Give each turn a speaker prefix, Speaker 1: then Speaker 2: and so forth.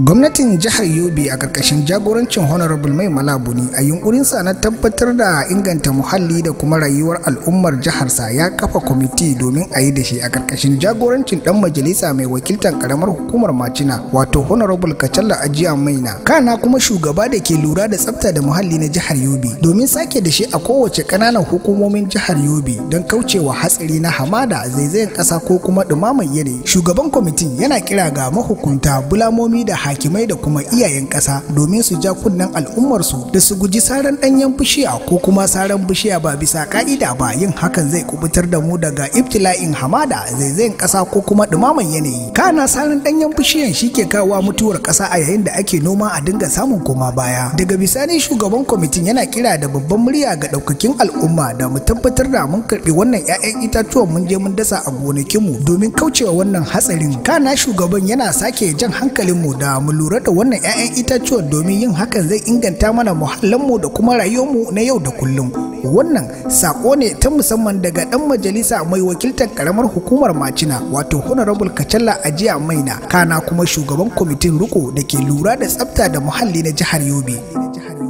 Speaker 1: gwamnatin jihar yobe a karkashin jagorancin honorable mai malabuni a yunkurinsa na tabbatar da inganta muhalli da kuma rayuwar al'ummar jiharsa ya kafa kwamiti domin a yi da shi a karkashin jagorancin ɗan majalisa mai wakiltar karamar hukumar macina wato honorable kacalla ajiya maina kana kuma shugaba da ke lura da tsafta da muhalli na jihar yobe domin sake da shi a kowace ƙananan hukumomin jihar yobe don kaucewa hatsari na hamada zaizayen ƙasa ko kuma dumaman yanayi shugaban kwamitin yana kira ga mahukunta bulamomi da hakimai da kuma iyayen ƙasa domin su ja kunnen al'ummarsu da su guji saran ɗanyen bishiya ko kuma saran bishiya ba bisa ka'ida ba yin hakan zai kubutar da mu daga ibtila'in hamada zaizayen ƙasa ko kuma ɗumaman yanayi kana saran ɗanyen bishiyan shi ke kawowa mutuwar ƙasa a yayin da ake noma a dinga samun koma baya daga bisani shugaban kwamitin yana kira da babban murya ga ɗaukakin al'umma da mu tabbatar da mun karɓi wannan 'ya'yan itatuwan mun je mun dasa a gonakinmu domin kaucewa wannan hatsarin kana shugaban yana sake jan hankalinmu da mu lura da wannan 'ya'yan itatuwan domin yin hakan zai inganta mana muhallanmu da kuma rayuwarmu na yau da kullum wannan sako ne ta musamman daga dan majalisa mai wakiltar karamar hukumar macina wato honorable kacalla ajiya maina kana kuma shugaban kwamitin riko da ke lura da tsafta da muhalli na jihar
Speaker 2: yobe